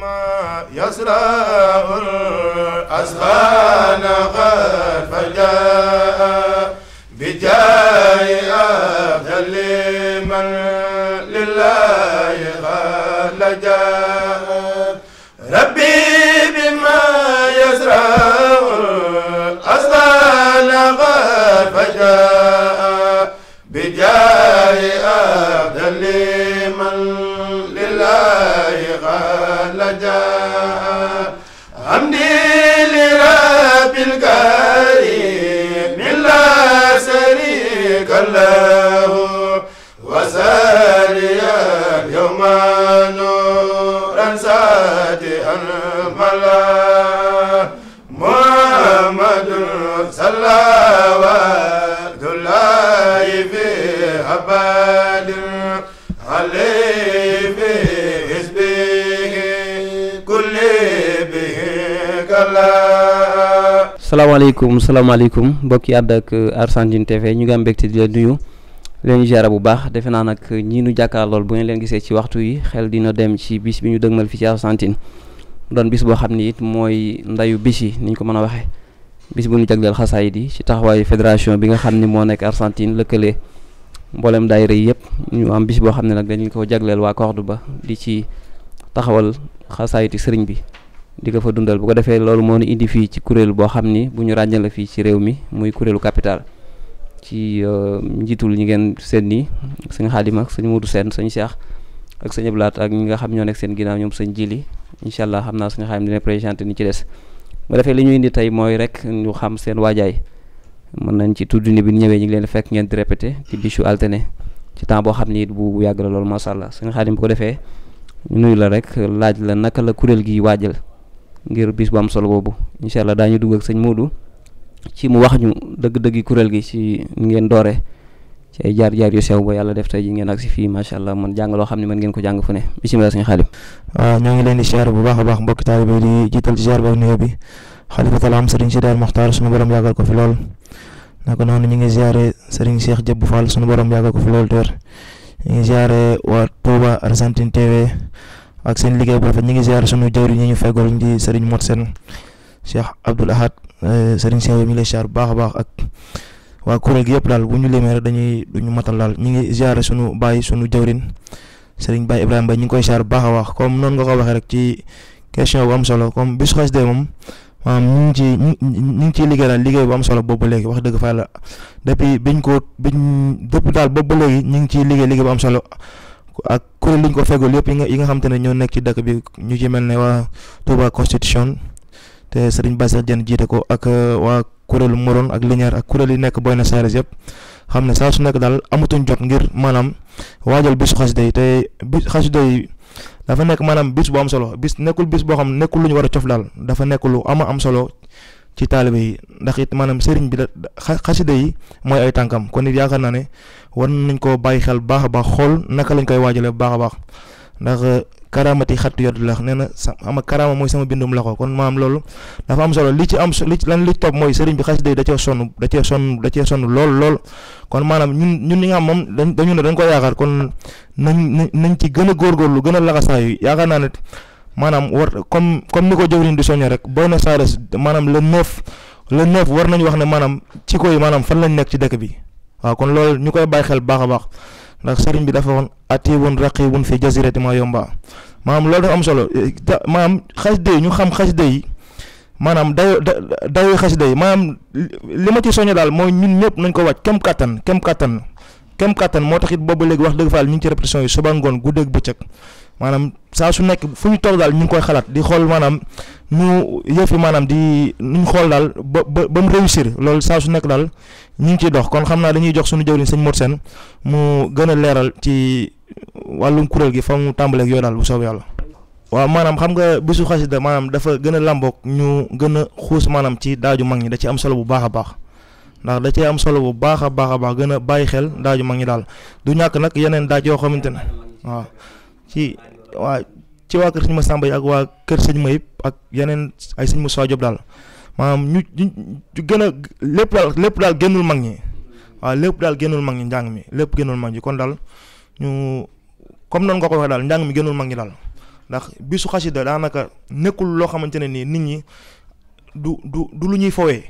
ما يسرع الأسخان قد فجاء بجاه أفضل من لله قد لجأ ربي بما يسرع الأسخان قد فجاء نورا ساتئا ملا محمد صلوات الله في أبد عليه salaamaaleykum salaamaaleykum mbokki àdd ak TV ñu ngi am mbégte di nuyu leen ziyaara bu baax defe naa nag ñii nu jàkkaar lool bu ngeen leen gisee ci waxtu yi xel dina dem ci bis bi ñu dëgmal fii ci Argentine doon bis boo xam ni it mooy ndayu bis yi ni ñu ko mën a waxee bis bu ñu jagleel xasaayid yi ci taxawaayu fédération bi nga xam ni moo nekk Argentine lëkkale mboolem daayira yi yëpp ñu am bis boo xam ne nag dañu ko jagleel waa ba di ci taxawal xasaayiti sëriñ bi di ko fa dundal bu ko defee loolu moo ñu indi fii ci kuréel boo xam ni bu ñu ràññee la fii ci réew mi muy kuréelu capital ci euh, njiitul ñi ngeen seen nii sëñ Xaadim ak sëñ Modou Sène sëñ Cheikh ak sëñ laat ak ñi nga xam ñoo nekk seen ginnaaw ñoom sëñ Jili incha allah xam naa sëñ Xaadim dina présenté ni ci des bu defee li ñu indi tey mooy rek ñu xam seen waajaay mën nañ ci tudd ni bi ñëwee ñu ngi leen fekk ngeen di répété ci bichu alterné ci temps boo xam ni it bu yàgg la loolu macha allah sëñ Xaadim ko defee ñu nuyu la rek laaj la naka la kuréel gi waajal ngir bis bu am solo boobu incha allah daañu dugg ak sëñ Modou ci mu wax ñu dëgg-dëggi kuréel gi ci ngeen doore ci ay jaar-jaar yu sew ba yàlla def tey ji ngeen ak si fii macha allah man jàng loo xam ne mën ngeen ko jàng fu ne bisimilah ñoo ngi leen di siyaar bu baax a baax mbokki taalibe di jiital ci siyaar ba nuyoo bi xalifatal am sëriñ si daar Moxtaar ko fi lool naka noonu ñu ngi ziare sëriñ Cheikh Jëbb Fall suñu borom yàggal ko fi lool teer ñu ngi ziare waa Touba Argentine TV ak seen liggéey bu rafet ñu ngi ziare suñu jawri ñi ñu feggool di sëriñ Mot Seen Cheikh Abdoul Ahad Eh, Serigne Cheikh mi lay bu baax a baax ak waa kuréel gi yëpp daal bu ñu limee dañuy duñu matal daal ñu ngi ziare sunu baay sunu jawrin seriñ Baye Ibrahima Baye ñu ngi koy siyaar bu baax a baax comme noonu nga ko waxee rek ci question bu am solo comme bisu xasida moom maanaam ñu ngi ci ñu ngi ciy liggéey daal liggéey bu am solo boobu ba léegi wax dëgg fa la depuis biñ ko biñ dëpp daal boobu ba léegi ñu ngi ciy liggéey liggéey bu am solo. ak kuréel liñ ko fegul yëpp yi nga yi nga xam te ne ñoo nekk ci dëkk bi ñu ci mel ne waa Touba Constitution te Serigne Bass Diène jiite ko ak uh, waa kuréelu Morone ak Linière ak kuréel yi nekk Buenos Aires yëpp xam ne saa su nekk daal amatuñ jot ngir maanaam waajal bisu xasida yi te bis xasida yi dafa nekk maanaam bis bu am solo bis nekkul bis boo xam nekkul lu ñu war a daal dafa nekk lu ama am solo ci taalibe yi ndax it maanaam seriñ bi da xasida yi mooy ay tànkam kon it yaakaar naa ne war nañ koo bàyyi xel baax a baax xool naka lañ koy waajalee baax a baax ndax uh, karaamati xattu yoddu lax nee na sa ama karaama mooy sama bindum loxo kon maam loolu dafa am solo li ci am li lan li topp mooy sëriñ bi xasida da cee sonn da cee sonn da cee sonn lool lool kon maanaam ñun ñun ñi nga xam moom dañ dañu ne dañ ko yaakaar kon nañ nañ ci gën a góorgóorlu gën a laxasaayu yaakaar naa ne maanaam war comme comme ni ko jëwriñ di soññe rek Buenos Aires maanaam le neuf le neuf war nañu wax ne maanaam ci koy maanaam fan lañ nekk ci dëkk bi waaw kon a ndax sëriñ bi dafa waxoon atibun raqibun fi jazirati ma yomba maanaam loolu dafa am solo maam xasida yi ñu xam xasida yi maanaam dayo dayo xasida yi maanaam li ma ci soño daal mooy ñun ñëpp nañ ko wàcc kem kattan kem kattan kem kattan moo tax it boobu léegi wax dëgg faal ñu ngi ci répétition yi suba ngoon guddeeg bëccëg maanaam saa su nekk fu ñu toog daal ñu ngi koy xalaat di xool maanaam nu yëfi maanaam di nuñ xool daal ba ba ba mu réussir loolu saa su nekk daal ñu ngi ciy dox kon xam naa dañuy jox suñu jëwriñ sëñ Mor seen mu gën a leeral ci wàllum kuréel gi fa mu tàmbaleeg yooyu daal bu soobee yàlla. waaw maanaam xam nga bisu xasida maanaam dafa gën a làmboog ñu gën xuus maanaam ci daaju mag ñi da ci am solo bu baax a baax. ndax da cee am solo bu baax a baax a baax gën a bàyyi xel daaju mag daal du ñàkk nag daaj yoo xamante ne waaw ci waa ci waa kër sëñ Massamba yi ak waa kër sëñ ma yëpp ak yeneen ay sëñ Moussa Diop daal maanaam ñu ñu gën a lépp daal lépp daal génnul mag ñi waaw lépp daal génnul mag ñi njàng mi lépp génnul mag ñi kon daal ñu comme noonu nga ko waxee daal njàng mi génnul mag ñi daal ndax bisu xasida daanaka nekkul loo xamante ne nii nit ñi du du lu ñuy fowee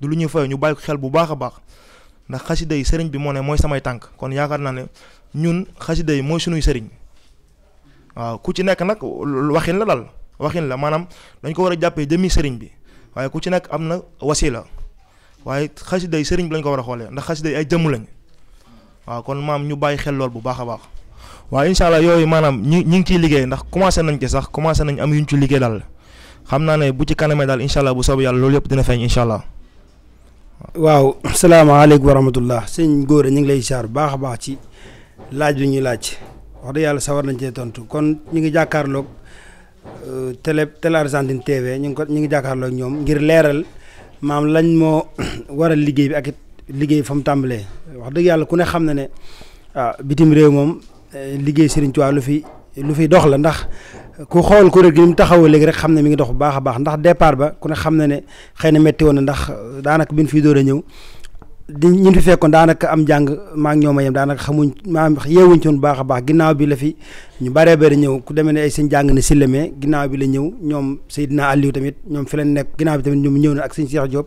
du lu ñuy fowee ñu bàyyi ko xel bu baax a baax ndax xasida yi sëriñ bi moo ne mooy samay tànk kon yaakaar naa ne ñun xasida yi mooy sunuy sëriñ waaw ku ci nekk nag waxin la daal waxin la maanaam dañ ko war a jàppee demi sëriñ bi waaye ku ci nekk am na wasila waaye xasida yi sëriñ bi lañ ko war a xoolee ndax xasida yi ay jëmm lañ waaw kon maam ñu bàyyi xel lool bu baax a baax waaye incha yooyu maanaam ñi ñi ngi ciy liggéey ndax commencé nañ ci commencé nañ am yuñ ci liggéey daal xam naa ne bu ci kanamee daal incha allah bu soobee yàlla loolu yëpp dina feeñ incha allah. waaw salaamaaleykum wa sëñ góor ñu ngi lay ziar bu baax a baax ci laaj bi ñuy laaj. wax dëgg yàlla sawar nañ cee tontu kon ñu ngi jàkkaarloog euh, télé télé Argentine TV ñu ngi ko ñu ngi jàkkaarloog ñoom ngir leeral maam lañ moo waral liggéey bi ak liggéey fa mu tàmbalee wax dëgg yàlla ku ne xam na ne ah bitim réew moom eh, liggéey Serigne Touba lu fi lu fi dox la ndax ku xool kuréel gi ni mu taxawoo léegi rek xam ne mi ngi dox bu baax a baax ndax départ ba ku ne xam na ne xëy na métti woon na ndax daanaka bi ñu fiy door a ñëw. di ñu fi fekkoon daanaka am jàng maa ngi ñoom a yem daanaka xamuñ maa yeewuñ ci woon baax a baax ginnaaw bi la fi ñu baree bari ñëw ku demee ne ay sëñ jàng ne sillemee ginnaaw bi la ñëw ñoom Seydina Aliou tamit ñoom fi leen nekk ginnaaw bi tamit ñoom ñëw na ak sëñ Cheikh Diop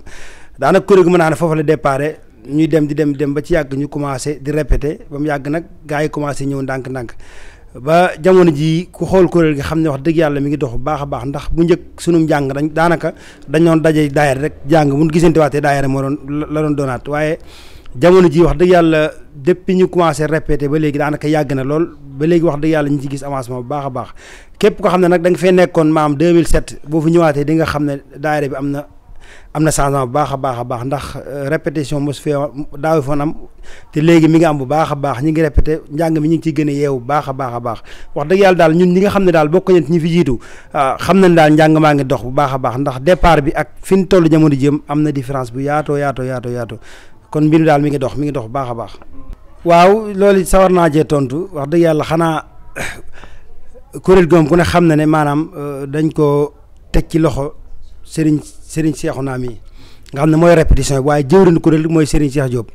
daanaka kuréel gi mën naa ne foofu la déparé ñuy dem di dem dem ba ci yàgg ñu commencé di répété ba mu yàgg nag gars yi commencé ñëw ndànk-ndànk ba jamono jii ku xool kuréel gi xam ne wax dëgg yàlla mi ngi dox bu baax a baax ndax bu njëkk sunum njàng dañ daanaka dañoon daje daayira rek jàng mun gisante waatee daayira moo doon la doon doonaat waaye jamono ji wax dëgg yàlla depuis ñu commencé répété ba léegi daanaka yàgg na lool ba léegi wax dëgg yàlla ñu ci gis avancement bu baax a baax képp ko xam ne nag da nga fee nekkoon maam 2007 boo fi ñëwaatee di nga xam ne daayira bi am na am na changement bu baax a baax a baax ndax euh, répétition mosu fee daaw foon am te léegi mi ngi am bu baax a baax ñi ngi répété njàng mi ñu ngi ciy gën a yeewu baax a baax wax dëgg yàlla daal ñun ñi nga xam ne daal bokk nañ ñi fi jiitu euh, xam nañ daal njàng maa ngi dox bu baax a baax ndax départ bi ak fi ñu toll jamono jëm am na différence bu yaatoo yaatoo yaatoo yaatoo kon mbir mi daal mi ngi dox mi ngi dox bu baax a baax waaw loolu sawar naa jee tontu wax dëgg yàlla xanaa kuréel goom ku ne xam na ne maanaam euh, dañ ko teg ci loxo sëriñ sëriñ Seexuna mii nga xam ne mooy répétition waaye waaye jëwriñ kuréel mooy sëriñ Seex Jóob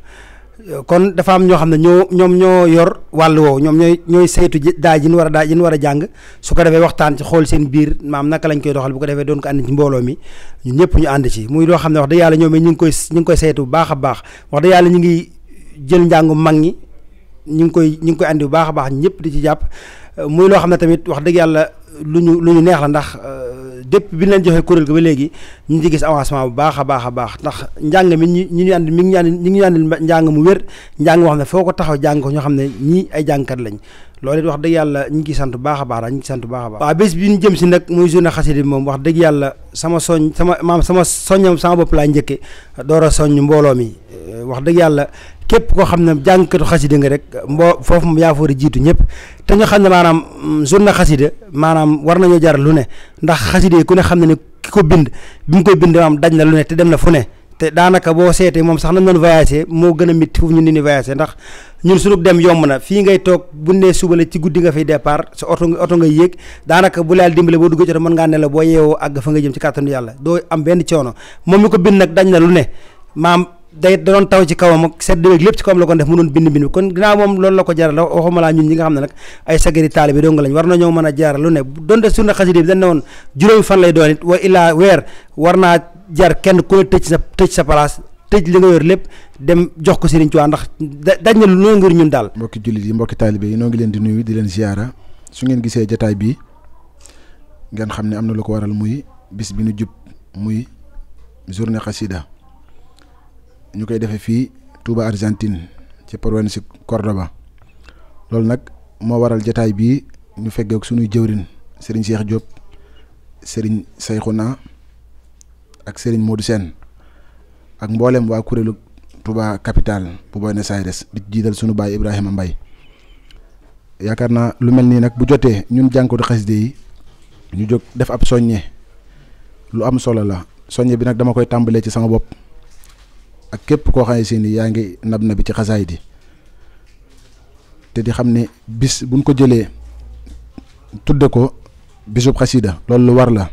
kon dafa am ñoo xam ne ñoo ñoom ñoo yor wàll woowu ñoom ñooy ñooy saytu daa jin war daa jin war a jàng su ko defee waxtaan ci xool seen biir maam naka lañ koy doxal bu ko defee doon ko ànd ci mbooloo mi ñun ñëpp ñu ànd ci muy loo xam ne wax dëgg yàlla ñoom ñu ngi koy ñu ngi koy saytu bu baax a baax wax dëgg ñu ngi jël njàngu mag ñi ñu ngi koy ñu ngi koy àndi bu baax a baax ñëpp di ci jàpp euh, muy loo xam ne tamit wax dëgg yàlla lu ñu lu ñu neex la ndax euh, depuis bi ñu joxee kuréel ga ba léegi ñu ngi gis avancement bu baax a baax a baax ndax njàng mi ñu ñu ànd mi ngi ñaan ñu ngi ñaan njàng mu wér njàng moo xam ne foo ko taxaw jàng ko ñoo xam ne ñii ay jàngkat lañ loolu it wax dëgg yàlla ñu ngi sant baax a baax daal ñu ngi sant baax a baax waaw bés bi ñu jëm si nag muy journée xasida bi moom wax dëgg yàlla sama soñ sama maam sama soññam sama bopp laa njëkke door a soññ mbooloo mi wax dëgg yàlla képp koo xam ne jàngkatu xasida nga rek mboo foofu mu yaa fa jiitu ñëpp te ñu xam ne maanaam mm, na xasida maanaam war nañoo jar lu ne ndax xasida ku ne xam ne ne ki bind bi koy bind maanaam daj na lu te dem na fu ne te daanaka boo seetee moom sax nañ doon voyagé moo gën a métti foofu ni ñu ndax ñun suñu dem yomb na fii ngay toog bu nee suba ci guddi nga fay départ sa oto oto ngay yéeg daanaka bu laal dimbale boo duggee ci oto mën ngaa ne la boo àgg fa nga jëm ci kàttanu yàlla doo am benn coono moom mi ko bind nag daj na lu ne maam day da doon taw ci kawam ak sedd beeg lépp ci kawam la ko def mu doon bind bind kon ginnaaw moom loolu la ko jaral waxuma laa ñun ñi nga xam ne nag ay sagari taalibe dong lañ war nañoo mën a jaar lu ne donte suñu xasida bi dañ weer war naa jar kenn ku ne tëj sa tëj sa place tëj li nga yor lépp dem jox ko Serigne Touba ndax daj na lu noo ngir ñun daal mbokki jullit yi mbokki taalibe yi noo ngi leen di nuyu di leen ziyaara su ngeen gisee jataay bi ngeen xam ne am na lu ko waral muy bis bi nu jub muy journée xasida ñu koy defee fii Touba Argentine ci province Cordoba loolu nag moo waral jataay bii ñu feggeek suñuy jëwrin sëriñ Cheikh Diop sëriñ Sayxuna ak sëriñ Modou Sène ak mboolem waa kuréelu Touba capital bu Buenos Aires di jiital sunu baay Ibrahima mbay yaakaar naa lu mel nii nag bu jotee ñun jànkatu xaside yi ñu jóg def ab soññe lu am solo la soññe bi nag dama koy tàmbalee ci sama bopp ak képp koo xam seen si yaa ngi nab na bi ci xasaay di te di xam ne bis buñ ko jëlee tudde ko bisub xasida loolu lu war la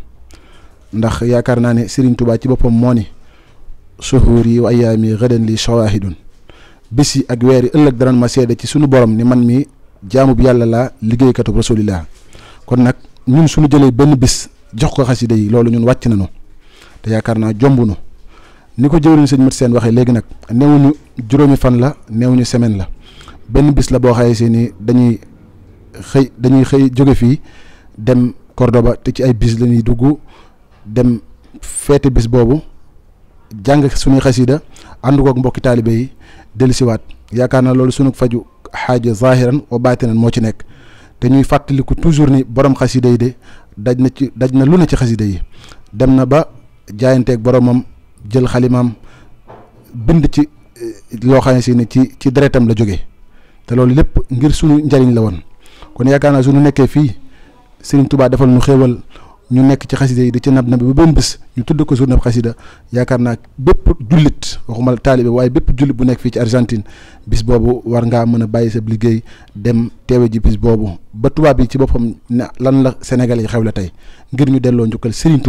ndax yaakaar naa ne Serigne Touba ci boppam moo ni suhuur yi wa ayaami xëdan li shawaahidun bis yi ak weeri ëllëg danañ ma seede ci sunu borom ni man mi jaamub yàlla laa liggéeykatub rasulillah kon nag ñun suñu jëlee benn bis jox ko xasida yi loolu ñun wàcc nañu te yaakaar naa jomb ni ko jëwriñ seen Mat Seen waxee léegi nag newuñu juróomi fan la ñu semaine la benn bis la boo xayee si ni dañuy xëy dañuy xëy jóge fii dem Cordoba te ci ay bis lañuy dugg dem feete bis boobu jàng suñuy xasida ànd kook mbokki taalibe yi dellusiwaat yaakaar naa loolu sunu faju xaaja zahiran wa baatinan moo ci nekk te ñuy fàttaliku toujours ni borom xasida yi de daj na ci daj na lu na ci xasida yi dem na ba jaayanteeg boromam. jël xalimaam bind ci eh, loo xam ne si ne ci ci deretam la jóge te loolu lépp ngir sunu njariñ la woon kon yaakaar naa sunu nekkee fii Serigne tubaa defal nu xéewal ñu nekk ci xasida yi di ci nab na bi ba benn bis ñu tudd ko journée xasida yaakaar naa bépp jullit waxuma taalibe waaye bépp jullit bu nekk fii ci Argentine bis boobu war ngaa mën a bàyyi sa liggéey dem teewe ji bis boobu ba tubaab yi ci boppam ne lan la Sénégal yi xew la tey ngir ñu delloo njukkal Serigne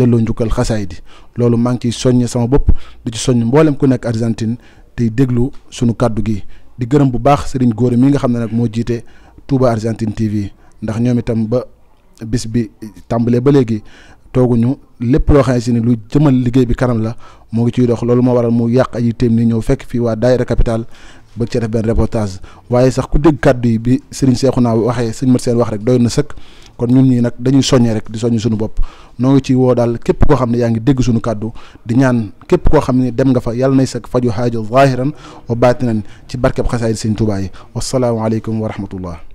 delloo njukkal xasaay di loolu maa ngi ciy soññ sama bopp di ci soññ mboolem ku nekk Argentine tey déglu suñu kàddu gi di gërëm bu baax sëriñ góor mi nga xam ne nag moo jiite Touba Argentine TV ndax ñoom itam ba bis bi tàmbalee ba léegi tooguñu lépp loo xam si ni lu jëmal liggéey bi kanam la moo ngi ciy dox loolu moo waral mu yàq ay téem ni ñëw fekk fii waa daayira capital bëgg cee def benn reportage waaye sax ku dégg kàddu yi bi Serigne Cheikhouna waxee sëñ Mat Seen wax rek doy na sëkk kon ñun ñii nag dañuy soññee rek di soññ suñu bopp noo ngi ci woo daal képp koo xam ne yaa ngi dégg suñu kàddu di ñaan képp koo xam ne dem nga fa yàlla nay sag faju xaajo zahiran wa baatinan ci barkeb xasaayid sëñ Tuubaa yi wasalaamu aleykum wa rahmatullah